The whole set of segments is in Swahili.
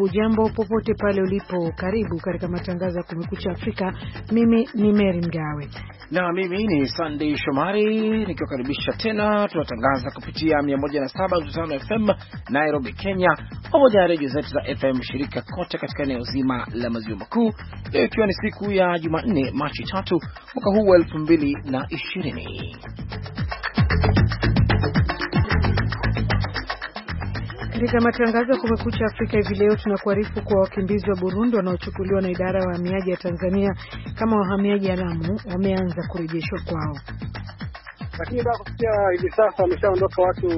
Hujambo popote pale ulipo, karibu katika matangazo ya kumekucha Afrika. Mimi ni Mary Mgawe na mimi ni Sunday Shomari nikiwakaribisha tena. Tunatangaza kupitia 107.5 FM Nairobi, Kenya, pamoja na redio zetu za FM shirika kote katika eneo zima la maziwa makuu. Leo ikiwa ni siku ya Jumanne, Machi tatu mwaka huu wa 2020. Katika matangazo ya Kumekucha Afrika hivi leo tunakuarifu kuwa wakimbizi wa Burundi wanaochukuliwa na idara ya wahamiaji ya Tanzania kama wahamiaji haramu wameanza kurejeshwa kwao, lakini baada kufikia hivi sasa wameshaondoka watu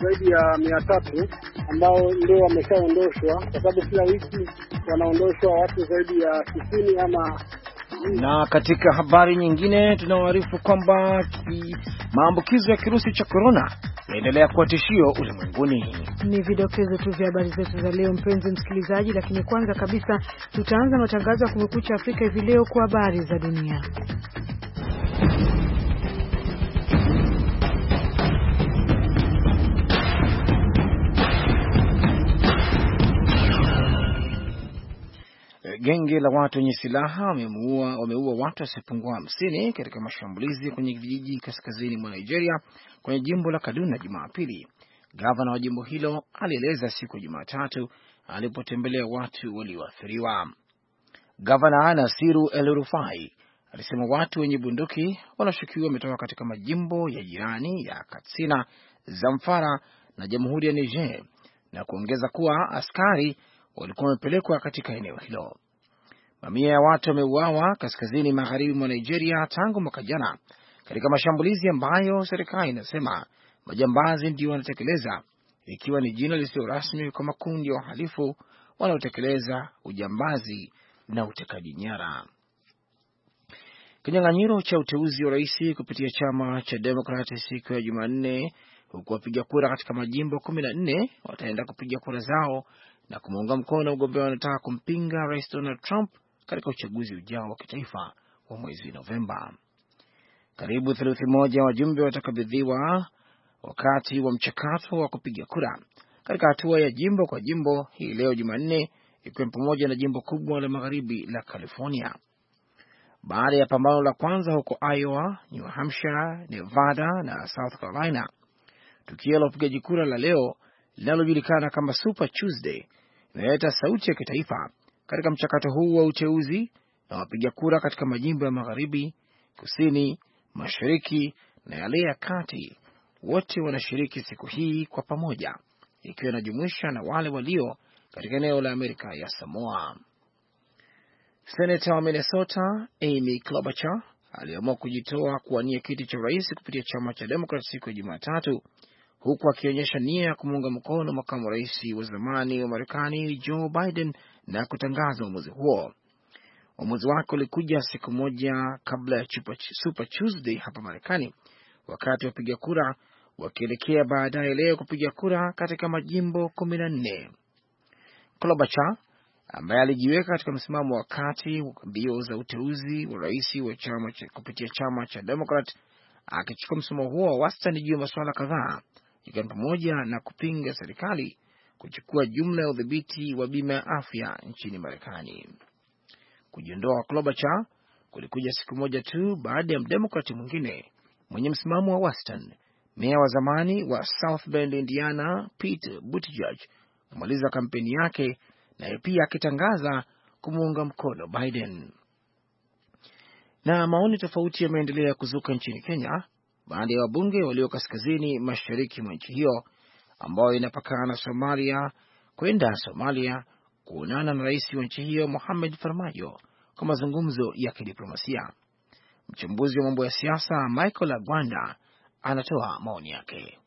zaidi ya mia tatu ambao ndio wameshaondoshwa, kwa sababu kila wiki wanaondoshwa watu zaidi ya sitini ama na katika habari nyingine tunawaarifu kwamba maambukizo ya kirusi cha korona inaendelea kuwa tishio ulimwenguni. Ni vidokezo tu vya habari zetu za leo, mpenzi msikilizaji, lakini kwanza kabisa tutaanza matangazo ya Kumekucha Afrika hivi leo kwa habari za dunia. Genge la watu wenye silaha wameua wameua watu wasiopungua hamsini katika mashambulizi kwenye vijiji kaskazini mwa Nigeria kwenye jimbo la Kaduna Jumapili. Gavana wa jimbo hilo alieleza siku ya Jumatatu alipotembelea watu walioathiriwa. Gavana Nasiru El Rufai alisema watu wenye bunduki wanashukiwa wametoka katika majimbo ya jirani ya Katsina, Zamfara na jamhuri ya Niger, na kuongeza kuwa askari walikuwa wamepelekwa katika eneo hilo. Mamia ya watu wameuawa kaskazini magharibi mwa Nigeria tangu mwaka jana katika mashambulizi ambayo serikali inasema majambazi ndio wanatekeleza, ikiwa ni jina lisilo rasmi kwa makundi ya wahalifu wanaotekeleza ujambazi na utekaji nyara. Kinyang'anyiro cha uteuzi wa rais kupitia chama cha demokrat siku ya Jumanne, huku wapiga kura katika majimbo kumi na nne wataenda kupiga kura zao na kumuunga mkono mgombea wanataka kumpinga rais Donald Trump katika uchaguzi ujao wa kitaifa wa mwezi Novemba. Karibu theluthi moja wajumbe watakabidhiwa wakati wa mchakato wa kupiga kura katika hatua ya jimbo kwa jimbo hii leo Jumanne, ikiwa ni pamoja na jimbo kubwa la magharibi la California. Baada ya pambano la kwanza huko Iowa, New Hampshire, Nevada na South Carolina, tukio la upigaji kura la leo linalojulikana kama Super Tuesday inaleta sauti ya kitaifa katika mchakato huu wa uteuzi na wapiga kura katika majimbo ya magharibi, kusini, mashariki na yale ya kati, wote wanashiriki siku hii kwa pamoja, ikiwa inajumuisha na wale walio katika eneo la Amerika ya Samoa. Senata wa Minnesota Amy Klobuchar aliamua kujitoa kuwania kiti cha urais kupitia chama cha Demokrat siku ya Jumatatu, huku akionyesha nia ya kumuunga mkono makamu rais wa zamani wa Marekani Joe Biden na kutangaza uamuzi huo. Uamuzi wake ulikuja siku moja kabla ya Super Tuesday hapa Marekani, wakati wapiga kura wakielekea baadaye leo kupiga kura katika majimbo kumi na nne. Klobacha ambaye alijiweka katika msimamo wa kati mbio za uteuzi wa rais wa chama kupitia chama cha Demokrat, akichukua msimamo huo wa wastani juu ya masuala kadhaa, ikiwa ni pamoja na kupinga serikali kuchukua jumla ya udhibiti wa bima ya afya nchini Marekani. Kujiondoa kwa Klobuchar kulikuja siku moja tu baada ya mdemokrati mwingine mwenye msimamo wa waston meya wa zamani wa South Bend, Indiana, Pete Buttigieg kumaliza kampeni yake, naye pia akitangaza kumuunga mkono Biden. Na maoni tofauti yameendelea kuzuka nchini Kenya baada ya wabunge walio kaskazini mashariki mwa nchi hiyo ambayo inapakana na Somalia kwenda Somalia kuonana na rais wa nchi hiyo Mohamed Farmajo kwa mazungumzo ya kidiplomasia. Mchambuzi wa mambo ya siasa Michael Agwanda anatoa maoni yake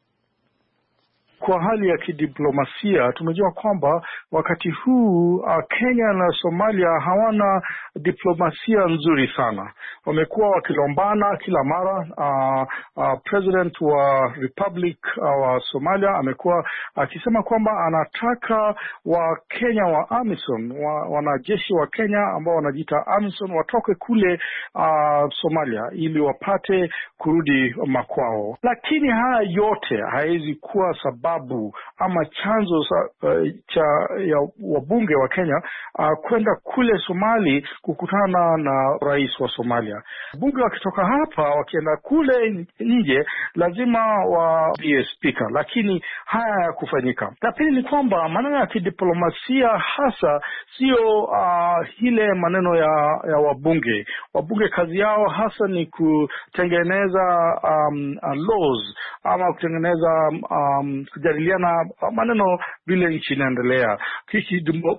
kwa hali ya kidiplomasia. tumejua kwamba wakati huu ah, Kenya na Somalia hawana diplomasia nzuri sana, wamekuwa wakilombana kila mara. Uh, uh, president wa Republic uh, wa Somalia amekuwa akisema uh, kwamba anataka Wakenya wa AMISON wa, wanajeshi wa Kenya ambao wanajiita AMISON watoke kule uh, Somalia ili wapate kurudi makwao, lakini haya yote hawezi kuwa sababu sababu ama chanzo sa, uh, cha ya wabunge wa Kenya uh, kwenda kule Somali kukutana na rais wa Somalia. Wabunge wakitoka hapa wakienda kule nje lazima waambie spika, lakini haya ya kufanyika La pili ni kwamba maneno ya kidiplomasia hasa siyo uh, ah, ile maneno ya, ya wabunge. Wabunge kazi yao hasa ni kutengeneza um, laws ama kutengeneza um, kujadiliana maneno vile nchi inaendelea.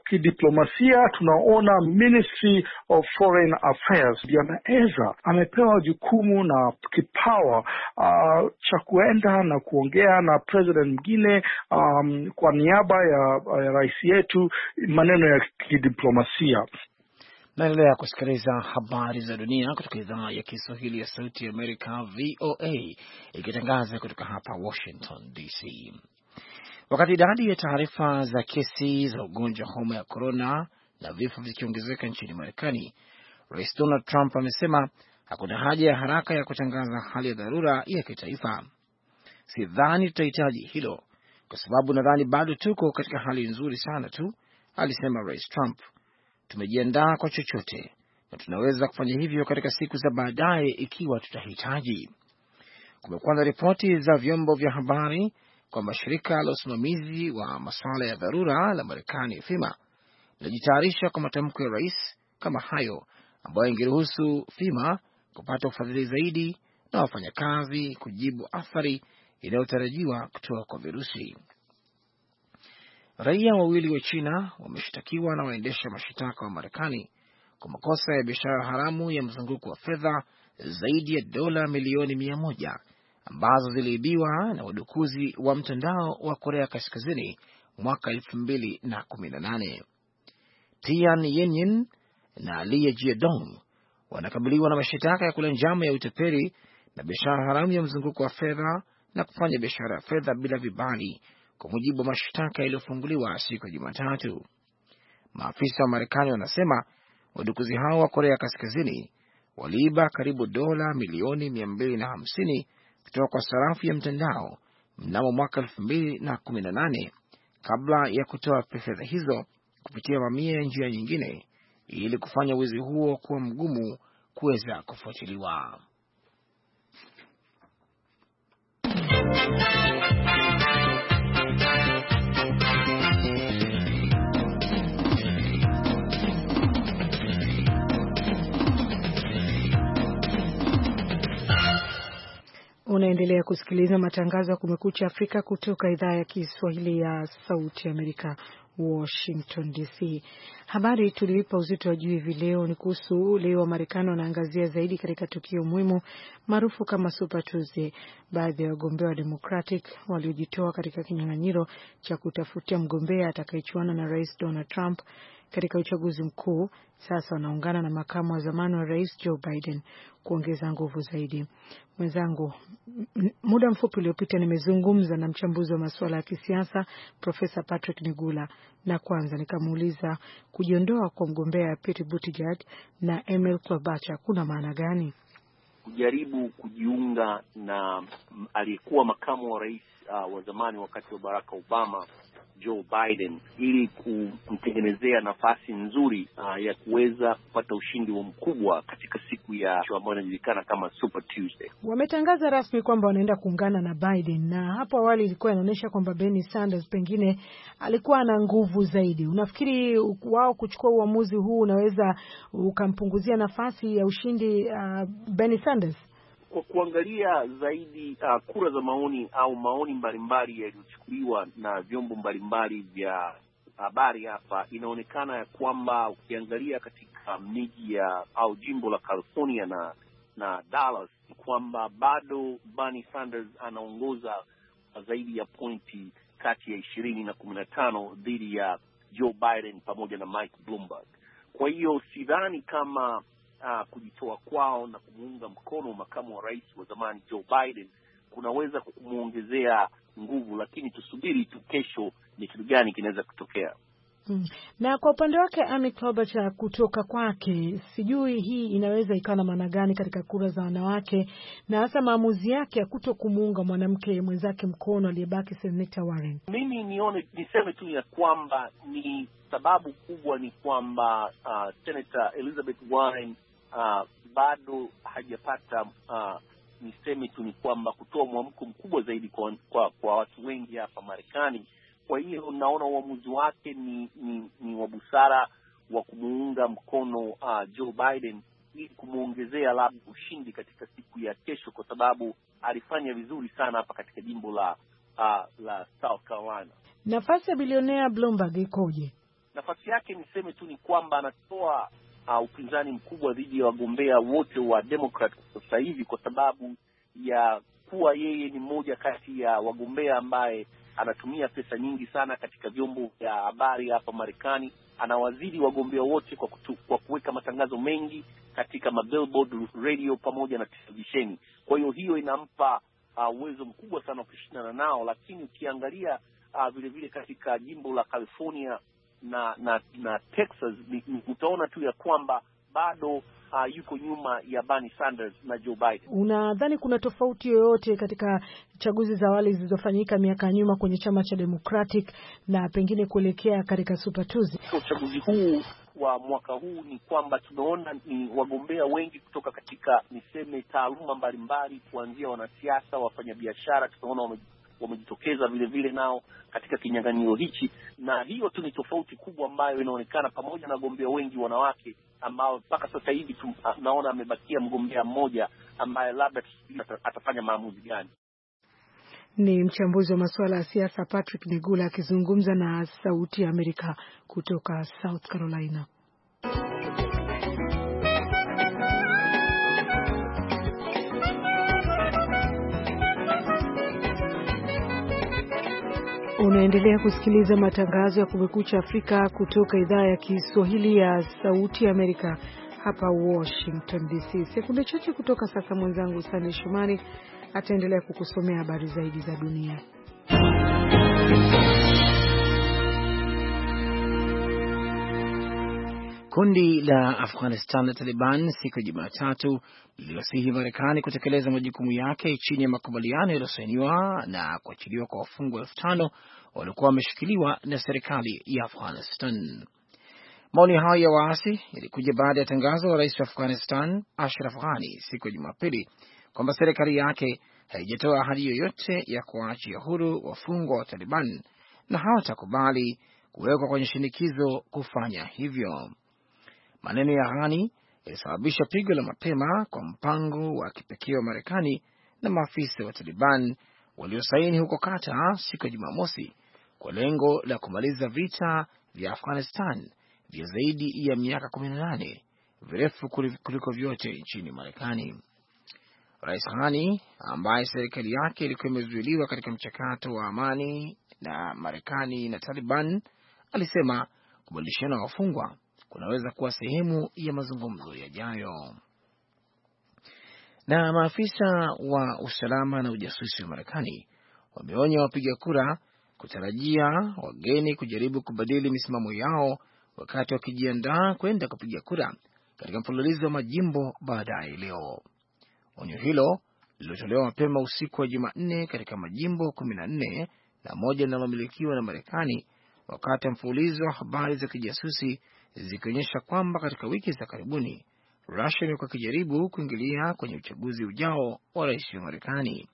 Kidiplomasia tunaona Ministry of Foreign Affairs yanaweza amepewa jukumu na kipawa uh, cha kuenda na kuongea na president mwingine um, kwa niaba ya, ya rais yetu maneno ya kidiplomasia. Naendelea kusikiliza habari za dunia kutoka idhaa ya Kiswahili ya Sauti ya Amerika, VOA, ikitangaza kutoka hapa Washington DC. Wakati idadi ya taarifa za kesi za ugonjwa wa homa ya korona na vifo vikiongezeka nchini Marekani, Rais Donald Trump amesema hakuna haja ya haraka ya kutangaza hali ya dharura ya kitaifa. Sidhani tutahitaji hilo, kwa sababu nadhani bado tuko katika hali nzuri sana tu, alisema Rais Trump tumejiandaa kwa chochote na tunaweza kufanya hivyo katika siku za baadaye ikiwa tutahitaji. Kumekuwa na ripoti za vyombo vya habari kwamba shirika la usimamizi wa masuala ya dharura la Marekani, FEMA, linajitayarisha kwa matamko ya rais kama hayo ambayo ingeruhusu FEMA kupata ufadhili zaidi na wafanyakazi kujibu athari inayotarajiwa kutoka kwa virusi. Raia wawili wa China wameshtakiwa na waendesha mashitaka wa Marekani kwa makosa ya biashara haramu ya mzunguko wa fedha zaidi ya dola milioni mia moja ambazo ziliibiwa na wadukuzi wa mtandao wa Korea Kaskazini mwaka elfu mbili na kumi na nane. Tian Yenyin na Lie Jiedong wanakabiliwa na mashitaka ya kula njama ya uteperi na biashara haramu ya mzunguko wa fedha na kufanya biashara ya fedha bila vibali kwa mujibu wa mashtaka yaliyofunguliwa siku ya Jumatatu. Maafisa wa Marekani wanasema wadukuzi hao wa Korea Kaskazini waliiba karibu dola milioni 250 kutoka kwa sarafu ya mtandao mnamo mwaka 2018 kabla ya kutoa fedha hizo kupitia mamia ya njia nyingine ili kufanya wizi huo kuwa mgumu kuweza kufuatiliwa. Unaendelea kusikiliza matangazo ya Kumekucha Afrika kutoka idhaa ya Kiswahili ya Sauti Amerika, Washington DC. Habari tuliipa uzito wa juu hivi leo ni kuhusu leo Wamarekani wanaangazia zaidi katika tukio muhimu maarufu kama Super Tuesday, baadhi ya wagombea wa Democratic waliojitoa katika kinyang'anyiro cha kutafutia mgombea atakayechuana na Rais Donald Trump katika uchaguzi mkuu sasa wanaungana na makamu wa zamani wa rais Joe Biden kuongeza nguvu zaidi. Mwenzangu, muda mfupi uliopita, nimezungumza na mchambuzi wa masuala ya kisiasa Profesa Patrick Nigula, na kwanza nikamuuliza kujiondoa kwa mgombea Pete Buttigieg na Emil Klobuchar kuna maana gani? Kujaribu kujiunga na aliyekuwa makamu wa rais uh, wa zamani wakati wa Barack Obama Joe Biden ili kumtengenezea nafasi nzuri uh, ya kuweza kupata ushindi wa mkubwa katika siku ya ambayo inajulikana kama Super Tuesday. Wametangaza rasmi kwamba wanaenda kuungana na Biden, na hapo awali ilikuwa inaonyesha kwamba Bernie Sanders pengine alikuwa na nguvu zaidi. Unafikiri wao kuchukua uamuzi huu unaweza ukampunguzia nafasi ya ushindi uh, Bernie Sanders? kwa kuangalia zaidi uh, kura za maoni au maoni mbalimbali yaliyochukuliwa na vyombo mbalimbali vya habari hapa, inaonekana ya kwamba ukiangalia katika miji ya au jimbo la California na na Dallas kwamba bado Bernie Sanders anaongoza zaidi ya pointi kati ya ishirini na kumi na tano dhidi ya Joe Biden pamoja na Mike Bloomberg. Kwa hiyo sidhani kama uh, kujitoa kwao na kumuunga mkono makamu wa rais wa zamani Joe Biden kunaweza kumwongezea nguvu, lakini tusubiri tu kesho ni kitu gani kinaweza kutokea. Hmm. Na kwa upande wake Amy Klobuchar kutoka kwake, sijui hii inaweza ikawa na maana gani katika kura za wanawake na hasa maamuzi yake ya kuto kumuunga mwanamke mwenzake mkono aliyebaki Senator Warren. Mimi nione niseme tu ya kwamba ni sababu kubwa ni kwamba uh, Senator Elizabeth Warren uh, bado hajapata uh, niseme tu ni kwamba kutoa mwamko mkubwa zaidi kwa, kwa, kwa watu wengi hapa Marekani. Kwa hiyo naona uamuzi wake ni, ni, ni wa busara wa kumuunga mkono uh, Joe Biden ili kumwongezea labda ushindi katika siku ya kesho, kwa sababu alifanya vizuri sana hapa katika jimbo la uh, la South Carolina. Nafasi ya bilionea Bloomberg ikoje? Nafasi yake niseme tu ni kwamba anatoa uh, upinzani mkubwa dhidi ya wagombea wote wa Democrat kwa sasa hivi kwa sababu ya kuwa yeye ni mmoja kati ya wagombea ambaye anatumia pesa nyingi sana katika vyombo vya habari hapa Marekani. Anawazidi wagombea wote kwa kutu, kwa kuweka matangazo mengi katika mabillboard, radio pamoja na televisheni. Kwa hiyo hiyo inampa uwezo uh, mkubwa sana wa kushindana nao, lakini ukiangalia uh, vile vile katika jimbo la California na na na Texas ni, ni utaona tu ya kwamba bado uh, yuko nyuma ya Bernie Sanders na Joe Biden. Unadhani kuna tofauti yoyote katika chaguzi za awali zilizofanyika miaka ya nyuma kwenye chama cha Democratic na pengine kuelekea katika Super Tuesday? Uchaguzi huu wa mwaka huu ni kwamba tumeona ni wagombea wengi kutoka katika niseme taaluma mbalimbali, kuanzia wanasiasa, wafanyabiashara, tumeona wame wamejitokeza vile vile nao katika kinyang'anyiro hichi, na hiyo tu ni tofauti kubwa ambayo inaonekana pamoja na wagombea wengi wanawake ambao mpaka sasa hivi tunaona ah, amebakia mgombea mmoja ambaye labda atafanya maamuzi gani. Ni mchambuzi wa masuala ya siasa Patrick Nigula akizungumza na Sauti ya Amerika kutoka South Carolina. Unaendelea kusikiliza matangazo ya Kumekucha Afrika kutoka idhaa ya Kiswahili ya Sauti ya Amerika hapa Washington DC. Sekunde chache kutoka sasa, mwenzangu Sande Shomari ataendelea kukusomea habari zaidi za dunia. Kundi la Afghanistan la Taliban siku ya Jumatatu liliwasihi Marekani kutekeleza majukumu yake chini ya makubaliano yaliyosainiwa na kuachiliwa kwa wafungwa elfu tano waliokuwa wameshikiliwa na serikali ya Afghanistan. Maoni hayo ya waasi yalikuja baada ya tangazo la rais wa Afghanistan Ashraf Ghani siku ya Jumapili kwamba serikali yake haijatoa ahadi yoyote ya kuwaachia huru wafungwa wa Taliban na hawatakubali kuwekwa kwenye shinikizo kufanya hivyo. Maneno ya Ghani yalisababisha pigo la mapema kwa mpango wa kipekee wa Marekani na maafisa wa Taliban waliosaini huko kata siku ya Jumamosi kwa lengo la kumaliza vita vya Afghanistan vya zaidi ya miaka 18 virefu kuliko vyote nchini Marekani. Rais Ghani ambaye serikali yake ilikuwa imezuiliwa katika mchakato wa amani na Marekani na Taliban alisema kubadilishana wafungwa kunaweza kuwa sehemu ya mazungumzo yajayo. Na maafisa wa usalama na ujasusi wa Marekani wameonya wapiga kura kutarajia wageni kujaribu kubadili misimamo yao wakati wakijiandaa kwenda kupiga kura katika mfululizo wa majimbo baadaye leo. Onyo hilo lililotolewa mapema usiku wa Jumanne katika majimbo kumi na nne na moja linalomilikiwa na Marekani wakati wa mfululizo wa habari za kijasusi zikionyesha kwamba katika wiki za karibuni Rusia imekuwa ikijaribu kuingilia kwenye uchaguzi ujao wa rais wa Marekani.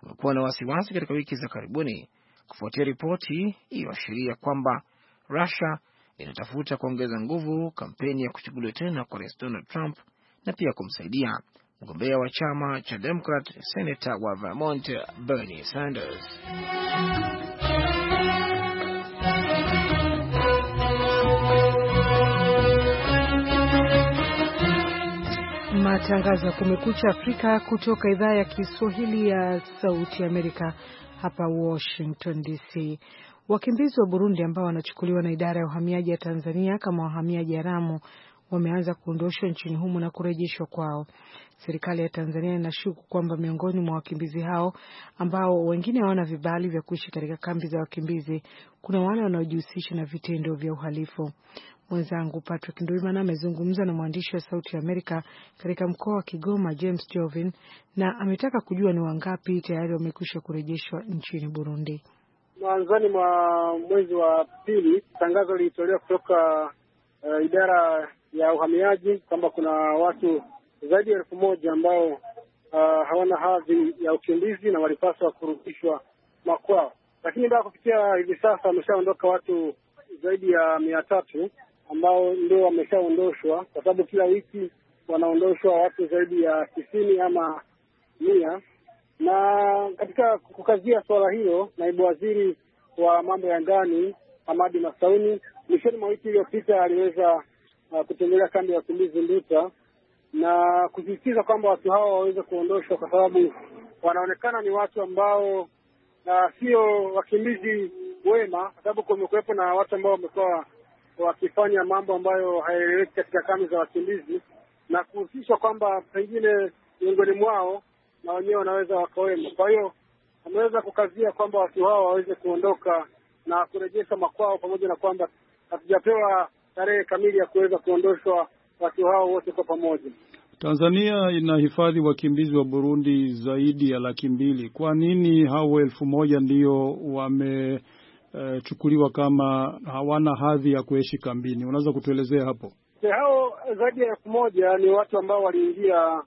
Kumekuwa na wasiwasi katika wiki za karibuni kufuatia ripoti iliyoashiria kwamba Rusia inatafuta kuongeza nguvu kampeni ya kuchaguliwa tena kwa rais Donald Trump na pia kumsaidia mgombea wa chama cha Demokrat, senata wa Vermont Bernie Sanders. Matangazo ya Kumekucha Afrika kutoka idhaa ya Kiswahili ya Sauti Amerika hapa Washington DC. Wakimbizi wa Burundi ambao wanachukuliwa na idara ya uhamiaji ya Tanzania kama wahamiaji haramu wameanza kuondoshwa nchini humo na kurejeshwa kwao. Serikali ya Tanzania inashuku kwamba miongoni mwa wakimbizi hao ambao wengine hawana vibali vya kuishi katika kambi za wakimbizi, kuna wale wanaojihusisha na vitendo vya uhalifu. Mwenzangu Patrick Ndwimana amezungumza na mwandishi wa Sauti ya Amerika katika mkoa wa Kigoma, James Jovin, na ametaka kujua ni wangapi tayari wamekwisha kurejeshwa nchini Burundi. Mwanzoni mwa mwezi wa pili tangazo lilitolewa kutoka uh, idara ya uhamiaji kwamba kuna watu zaidi ya elfu moja ambao uh, hawana hadhi ya ukimbizi na walipaswa kurudishwa makwao, lakini baada kufikia hivi sasa wameshaondoka watu zaidi ya mia tatu ambao ndio wameshaondoshwa, kwa sababu kila wiki wanaondoshwa watu zaidi ya tisini ama mia. Na katika kukazia suala hilo, naibu waziri wa mambo ya ndani Hamadi Masauni mwishoni mwa wiki iliyopita aliweza uh, kutembelea kambi ya wakimbizi Nduta na kusisitiza kwamba watu hao waweze kuondoshwa kwa sababu wanaonekana ni watu ambao sio uh, wakimbizi wema, kwa sababu kumekuwepo na watu ambao wamekuwa wakifanya mambo ambayo hayaeleweki katika kambi za wakimbizi na kuhusishwa kwamba pengine miongoni mwao na wenyewe wanaweza wakawema. Kwa hiyo wameweza kukazia kwamba watu hao waweze kuondoka na kurejesha makwao, pamoja na kwamba hatujapewa tarehe kamili ya kuweza kuondoshwa watu hao wote kwa pamoja. Tanzania inahifadhi wakimbizi wa Burundi zaidi ya laki mbili. Kwa nini hao elfu moja ndio wamechukuliwa, e, kama hawana hadhi ya kuishi kambini? Unaweza kutuelezea hapo? Hao zaidi ya elfu moja ni watu ambao waliingia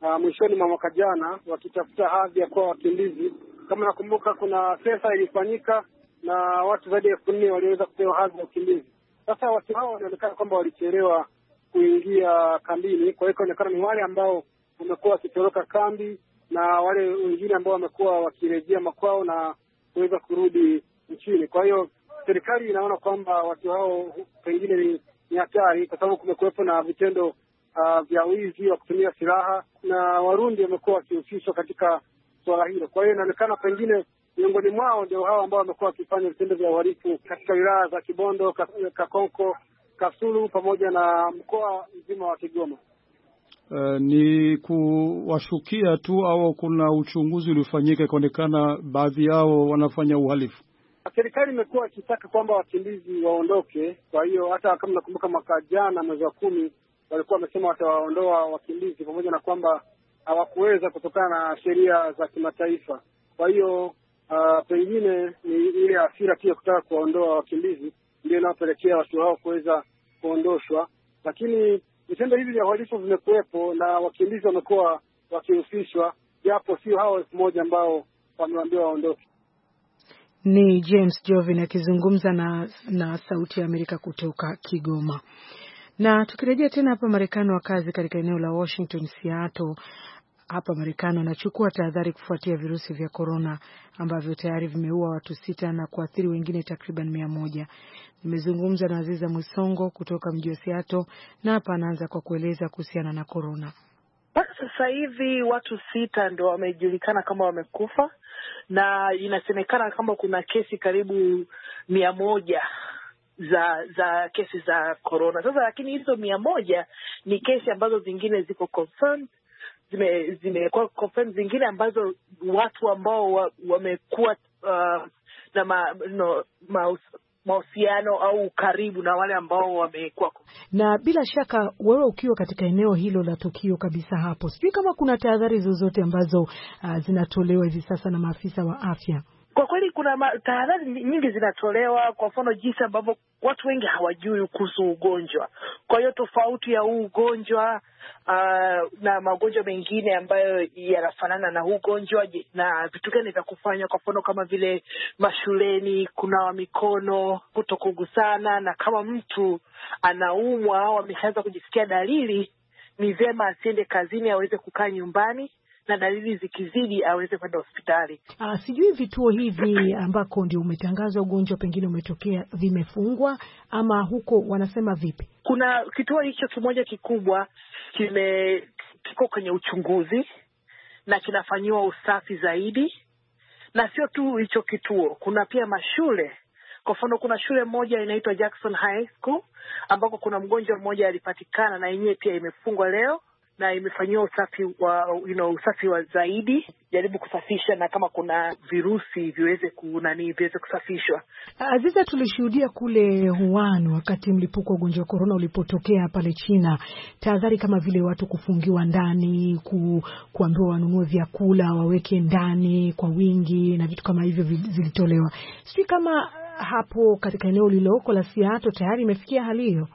ah, mwishoni mwa mwaka jana wakitafuta hadhi ya kuwa wakimbizi. Kama nakumbuka, kuna sensa ilifanyika na watu zaidi ya elfu nne waliweza kupewa hadhi ya wakimbizi. Sasa watu hao wanaonekana kwamba walichelewa kuingia kambini, kwa hiyo ikaonekana ni wale ambao wamekuwa wakitoroka kambi na wale wengine ambao wamekuwa wakirejea makwao na kuweza kurudi nchini. Kwa hiyo serikali inaona kwamba watu hao pengine ni, ni hatari kwa sababu kumekuwepo na vitendo uh, vya wizi wa kutumia silaha na Warundi wamekuwa wakihusishwa katika suala hilo. Kwa hiyo inaonekana pengine Miongoni mwao ndio hao ambao wamekuwa wakifanya vitendo vya uhalifu katika wilaya za Kibondo, Kakonko, Kasulu pamoja na mkoa mzima wa Kigoma. Uh, ni kuwashukia tu au kuna uchunguzi uliofanyika ikaonekana baadhi yao wanafanya uhalifu? Serikali imekuwa ikitaka kwamba wakimbizi waondoke. Kwa hiyo hata kama nakumbuka mwaka jana mwezi wa kumi walikuwa wamesema watawaondoa wakimbizi, pamoja na kwamba hawakuweza kutokana na sheria za kimataifa. Kwa hiyo Ah, pengine ni ile hasira pia kutaka kuwaondoa wakimbizi ndio inayopelekea watu hao kuweza kuondoshwa, lakini vitendo hivi vya uhalifu vimekuwepo na wakimbizi wamekuwa wakihusishwa, japo sio hao elfu moja ambao wameambiwa waondoke. Ni James Jovin akizungumza na, na Sauti ya Amerika kutoka Kigoma. Na tukirejea tena hapa Marekani, wakazi katika eneo la Washington Seattle hapa Marekani wanachukua tahadhari kufuatia virusi vya korona ambavyo tayari vimeua watu sita na kuathiri wengine takriban mia moja. Nimezungumza na Aziza Mwisongo kutoka mji wa Seattle na hapa anaanza kwa kueleza kuhusiana na korona. Sasa hivi watu sita ndio wamejulikana kama wamekufa na inasemekana kama kuna kesi karibu mia moja za za kesi za korona sasa, lakini hizo mia moja ni kesi ambazo zingine ziko confirmed zime, zime, confirmed zingine ambazo watu ambao wamekuwa wa uh, na ma, no, maus, mahusiano au karibu na wale ambao wamekuwa. Na bila shaka wewe ukiwa katika eneo hilo la tukio kabisa hapo, sijui kama kuna tahadhari zozote ambazo uh, zinatolewa hivi sasa na maafisa wa afya. Kwa kweli kuna tahadhari nyingi zinatolewa, kwa mfano jinsi ambavyo watu wengi hawajui kuhusu ugonjwa. Kwa hiyo tofauti ya huu ugonjwa uh, na magonjwa mengine ambayo yanafanana na huu ugonjwa na vitu gani vya kufanya, kwa mfano kama vile mashuleni kunawa mikono, kugusana, na kama mtu anaumwa au ameshaanza kujisikia dalili, ni vyema asiende kazini, aweze kukaa nyumbani na dalili zikizidi aweze kwenda hospitali. Ah, sijui vituo hivi ambako ndio umetangaza ugonjwa pengine umetokea vimefungwa ama huko wanasema vipi? Kuna kituo hicho kimoja kikubwa kime kiko kwenye uchunguzi na kinafanyiwa usafi zaidi, na sio tu hicho kituo, kuna pia mashule kwa mfano kuna shule moja inaitwa Jackson High School ambako kuna mgonjwa mmoja alipatikana na yenyewe pia imefungwa leo, na imefanyiwa usafi wa you know, usafi wa zaidi, jaribu kusafisha na kama kuna virusi viweze kunani viweze kusafishwa. Aziza, tulishuhudia kule Wuhan wakati mlipuko wa ugonjwa wa korona ulipotokea pale China, tahadhari kama vile watu kufungiwa ndani, ku, kuambiwa wanunue vyakula waweke ndani kwa wingi na vitu kama hivyo vilitolewa. Sijui kama hapo katika eneo liloko la Siato tayari imefikia hali hiyo.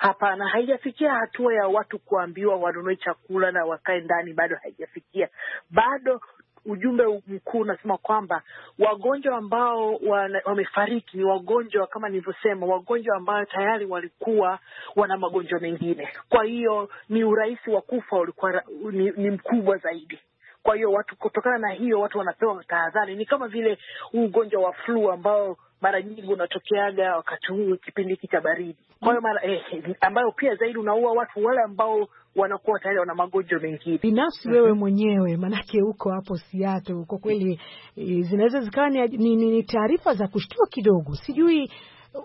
Hapana, haijafikia hatua ya watu kuambiwa wanunue chakula na wakae ndani, bado haijafikia. Bado ujumbe mkuu unasema kwamba wagonjwa ambao wamefariki ni wagonjwa kama nilivyosema, wagonjwa ambao tayari walikuwa wana magonjwa mengine, kwa hiyo ni urahisi wa kufa ulikuwa ni, ni mkubwa zaidi kwa hiyo watu, kutokana na hiyo, watu wanapewa tahadhari. Ni kama vile huu ugonjwa wa flu ambao mara nyingi unatokeaga wakati huu kipindi hiki cha baridi, kwa hiyo mara eh, ambayo pia zaidi unaua watu wale ambao wanakuwa tayari wana magonjwa mengine binafsi. mm -hmm. Wewe mwenyewe maanake uko hapo Seattle, kwa kweli eh, zinaweza zikawa ni, ni, ni taarifa za kushtua kidogo, sijui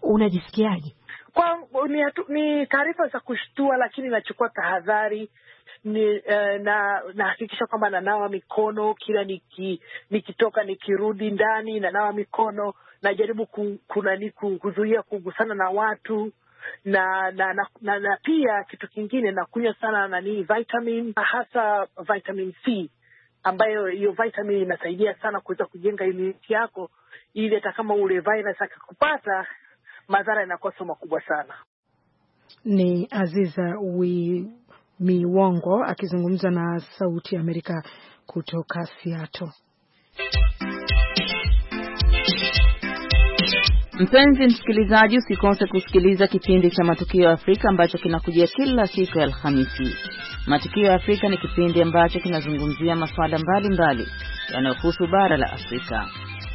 unajisikiaje? kwa, ni, ni taarifa za kushtua, lakini nachukua tahadhari ni, uh, na nahakikisha kwamba nanawa mikono kila niki, nikitoka nikirudi ndani nanawa mikono, najaribu kunani kuzuia kugusana na watu na na, na, na na pia kitu kingine nakunywa sana nani vitamin, hasa vitamin C ambayo hiyo vitamin inasaidia sana kuweza kujenga immunity yako, ili hata kama ule virus akikupata madhara yanakuwa sio makubwa sana. Ni Aziza wi Miwongo akizungumza na Sauti ya Amerika kutoka Seattle. Mpenzi msikilizaji, usikose kusikiliza kipindi cha Matukio ya Afrika ambacho kinakujia kila siku ya Alhamisi. Matukio ya Afrika ni kipindi ambacho kinazungumzia masuala mbalimbali yanayohusu bara la Afrika.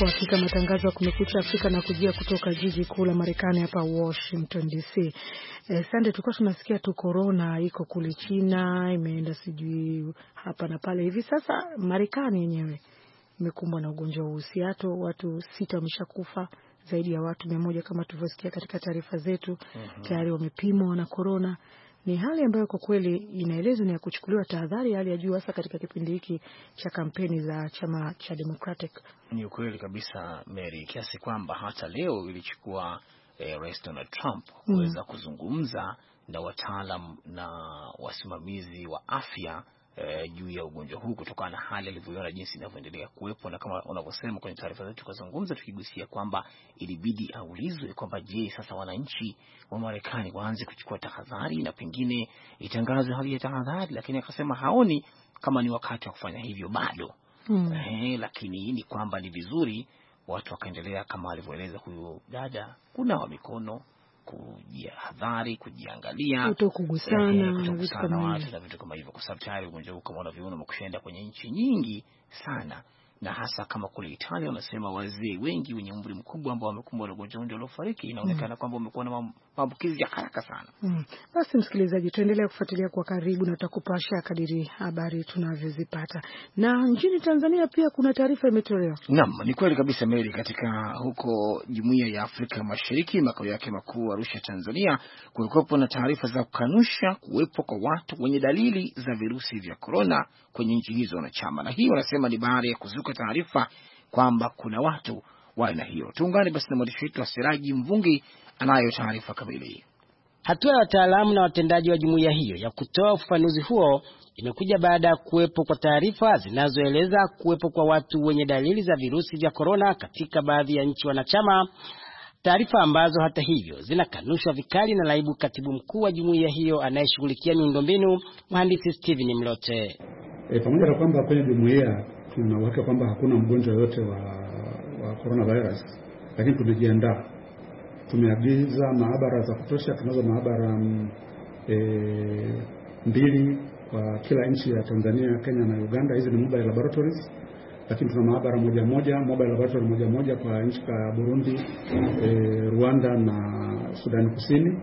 Kwa hakika matangazo ya Kumekucha Afrika na kujia kutoka jiji kuu la Marekani hapa Washington DC. Eh, Sande, tulikuwa tunasikia tu korona iko kule China, imeenda sijui hapa na pale. Hivi sasa Marekani yenyewe imekumbwa na ugonjwa huu si hata watu sita wameshakufa zaidi ya watu mia moja kama tulivyosikia katika taarifa zetu. mm -hmm. Tayari wamepimwa na korona ni hali ambayo kwa kweli inaelezwa ni ya kuchukuliwa tahadhari ya hali ya juu, hasa katika kipindi hiki cha kampeni za chama cha Democratic. Ni ukweli kabisa Mary, kiasi kwamba hata leo ilichukua eh, Rais Donald Trump mm. kuweza mm. kuzungumza na wataalam na wasimamizi wa afya Eh, juu ya ugonjwa huu kutokana na hali alivyoona jinsi inavyoendelea kuwepo, na kama unavyosema kwenye taarifa zetu, tukazungumza tukigusia kwamba ilibidi aulizwe kwamba je, sasa wananchi wa Marekani waanze kuchukua tahadhari na pengine itangazwe hali ya tahadhari, lakini akasema haoni kama ni wakati wa kufanya hivyo bado. Mm. Eh, lakini ni kwamba ni vizuri watu wakaendelea kama alivyoeleza huyo dada, kunawa mikono kujihadhari, kujiangalia, kutokugusana, eh, kutokugusana watu na vitu kama hivyo, kwa sababu tayari ugonjwa huu kama unavyoona umekushenda kwenye nchi nyingi sana, na hasa kama kule Italia wanasema wazee wengi wenye umri mkubwa ambao wamekumbwa na ugonjwa huu ndio waliofariki. Inaonekana mm. kwamba umekuwa na maambukizi ya haraka sana. Mm. Basi msikilizaji, tuendelee kufuatilia kwa karibu na tutakupasha kadiri habari tunavyozipata. Na nchini Tanzania pia kuna taarifa imetolewa. Naam, ni kweli kabisa Mary, katika huko Jumuiya ya Afrika Mashariki makao yake makuu Arusha, Tanzania, kulikuwepo na taarifa za kukanusha kuwepo kwa watu wenye dalili za virusi vya korona kwenye nchi hizo wanachama, na hii wanasema ni baada ya kuzuka taarifa kwamba kuna watu wa aina hiyo. Tuungane basi na mwandishi wetu wa Siraji Mvungi anayo taarifa kamili. Hatua ya wataalamu na watendaji wa jumuiya hiyo ya kutoa ufafanuzi huo imekuja baada ya kuwepo kwa taarifa zinazoeleza kuwepo kwa watu wenye dalili za virusi vya korona katika baadhi ya nchi wanachama, taarifa ambazo hata hivyo zinakanushwa vikali na naibu katibu mkuu wa jumuiya hiyo anayeshughulikia miundombinu, mhandisi Steven Mlote. E, pamoja na kwamba kwenye jumuiya tunauhakika kwamba hakuna mgonjwa yoyote wa corona virus, lakini tumejiandaa. Tumeagiza maabara za kutosha. Tunazo maabara mm, e, mbili kwa kila nchi ya Tanzania, Kenya na Uganda. Hizi ni mobile laboratories, lakini tuna maabara moja moja mobile laboratory moja moja kwa nchi ya Burundi, e, Rwanda na Sudani Kusini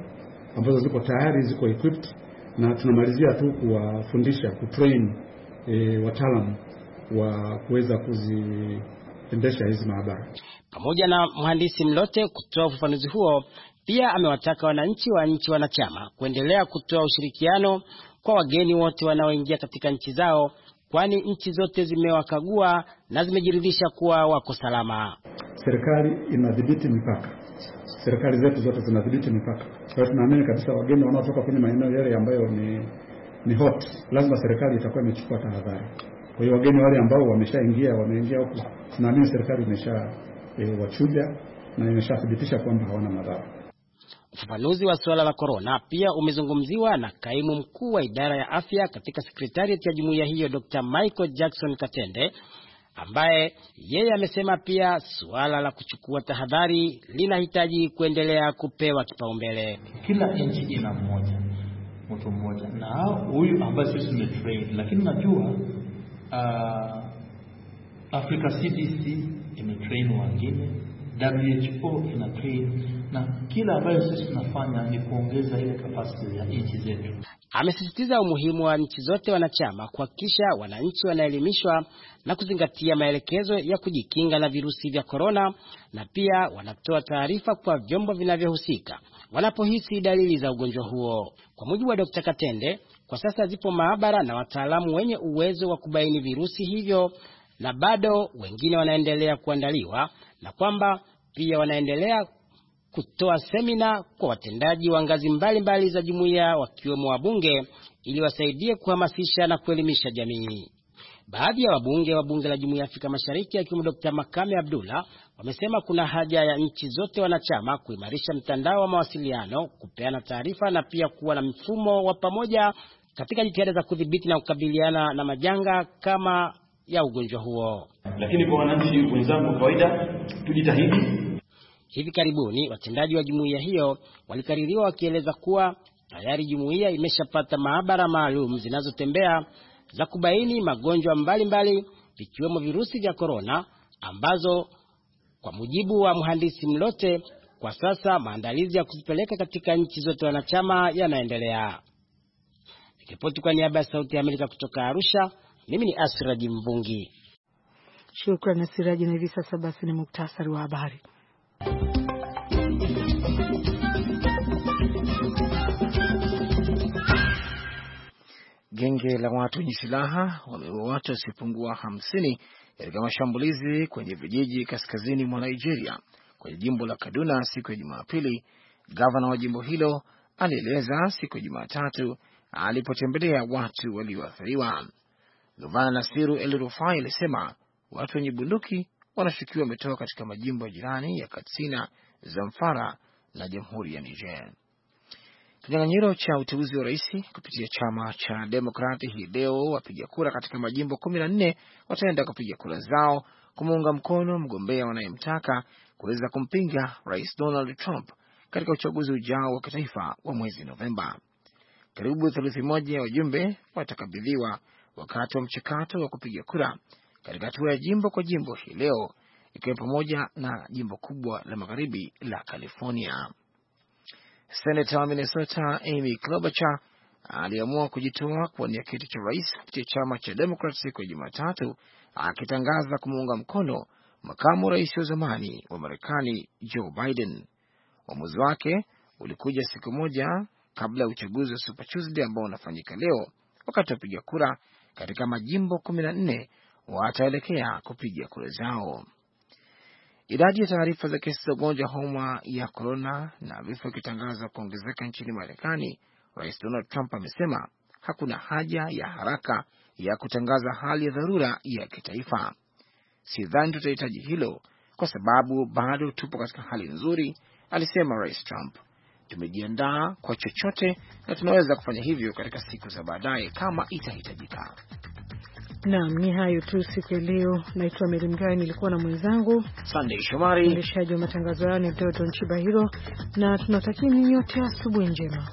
ambazo ziko tayari, ziko equipped na tunamalizia tu kuwafundisha kutrain e, wataalamu wa kuweza kuzi endesha hizi maabara. Pamoja na mhandisi Mlote kutoa ufafanuzi huo, pia amewataka wananchi wa nchi wanachama kuendelea kutoa ushirikiano kwa wageni wote wanaoingia katika nchi zao, kwani nchi zote zimewakagua na zimejiridhisha kuwa wako salama. Serikali inadhibiti mipaka, serikali zetu zote zinadhibiti mipaka. Kwa hiyo tunaamini kabisa wageni wanaotoka kwenye maeneo yale ambayo ni, ni hot, lazima serikali itakuwa imechukua tahadhari. Kwa hiyo wageni wale ambao wameshaingia wameingia huku tunaamini serikali imesha e, wachuja na imeshathibitisha kwamba hawana madhara. Ufafanuzi wa suala la korona pia umezungumziwa na kaimu mkuu wa idara ya afya katika sekretariat ya jumuiya hiyo Dr. Michael Jackson Katende ambaye yeye amesema pia suala la kuchukua tahadhari linahitaji kuendelea kupewa kipaumbele. Kila nchi ina mmoja mtu mmoja, na huyu ambaye sisi tumetrain, lakini najua uh, Africa CDC imetrain wengine, WHO ina train na kila ambayo sisi tunafanya ni kuongeza ile capacity ya nchi zetu. Amesisitiza umuhimu wa nchi zote wanachama kuhakikisha wananchi wanaelimishwa na kuzingatia maelekezo ya kujikinga na virusi vya korona, na pia wanatoa taarifa kwa vyombo vinavyohusika wanapohisi dalili za ugonjwa huo. Kwa mujibu wa Dr. Katende, kwa sasa zipo maabara na wataalamu wenye uwezo wa kubaini virusi hivyo na bado wengine wanaendelea kuandaliwa na kwamba pia wanaendelea kutoa semina kwa watendaji wa ngazi mbalimbali za jumuiya wakiwemo wabunge ili wasaidie kuhamasisha na kuelimisha jamii. Baadhi ya wabunge wa bunge la Jumuiya ya Afrika Mashariki akiwemo Dr. Makame Abdullah wamesema kuna haja ya nchi zote wanachama kuimarisha mtandao wa mawasiliano, kupeana taarifa na pia kuwa na mfumo wa pamoja katika jitihada za kudhibiti na kukabiliana na majanga kama ya ugonjwa huo. Lakini kwa wananchi wenzangu kawaida, tujitahidi. Hivi karibuni watendaji wa jumuiya hiyo walikaririwa wakieleza kuwa tayari jumuiya imeshapata maabara maalum zinazotembea za kubaini magonjwa mbalimbali vikiwemo virusi vya korona, ambazo kwa mujibu wa mhandisi Mlote, kwa sasa maandalizi ya kuzipeleka katika nchi zote wanachama yanaendelea. Ripoti kwa niaba ya Sauti ya Amerika kutoka Arusha. Mimi ni Asiraji Mvungi. Shukrani Asiraji, na hivi sasa basi ni muktasari wa habari. Genge la watu wenye silaha wameua watu wasiopungua hamsini katika mashambulizi kwenye vijiji kaskazini mwa Nigeria kwenye jimbo la Kaduna siku ya Jumapili. Gavana wa jimbo hilo alieleza siku ya Jumatatu alipotembelea watu walioathiriwa. Gavana Nasiru El Rufai alisema watu wenye bunduki wanashukiwa wametoka katika majimbo ya jirani ya Katsina, Zamfara na jamhuri ya Niger. Kinyang'anyiro cha uteuzi wa rais kupitia chama cha Demokrati hii leo, wapiga kura katika majimbo kumi na nne wataenda kupiga kura zao kumuunga mkono mgombea wanayemtaka kuweza kumpinga rais Donald Trump katika uchaguzi ujao wa kitaifa wa mwezi Novemba. Karibu theluthi moja ya wajumbe watakabidhiwa wakati wa mchakato wa kupiga kura katika hatua ya jimbo kwa jimbo hii leo, ikiwa pamoja na jimbo kubwa la magharibi la California. Senata wa Minnesota Amy Klobuchar aliamua kujitoa kuwania kiti cha rais kupitia chama cha Demokrat siku ya Jumatatu, akitangaza kumuunga mkono makamu rais wa zamani wa Marekani Joe Biden. Uamuzi wake ulikuja siku moja kabla ya uchaguzi wa Super Tuesday ambao unafanyika leo, wakati wapiga kura katika majimbo kumi na nne wataelekea kupiga kura zao. Idadi ya taarifa za kesi za ugonjwa homa ya korona na vifo ikitangazwa kuongezeka nchini Marekani, Rais Donald Trump amesema hakuna haja ya haraka ya kutangaza hali ya dharura ya kitaifa. Sidhani tutahitaji hilo kwa sababu bado tupo katika hali nzuri, alisema Rais Trump tumejiandaa kwa chochote na tunaweza kufanya hivyo katika siku za baadaye kama itahitajika. Naam, ni hayo tu siku ya leo. Naitwa Meri Mgawe, nilikuwa na mwenzangu Sandei Shomari. Mwendeshaji wa matangazo hayo ni Dodon Chibahiro, na tunatakia nyote asubuhi njema.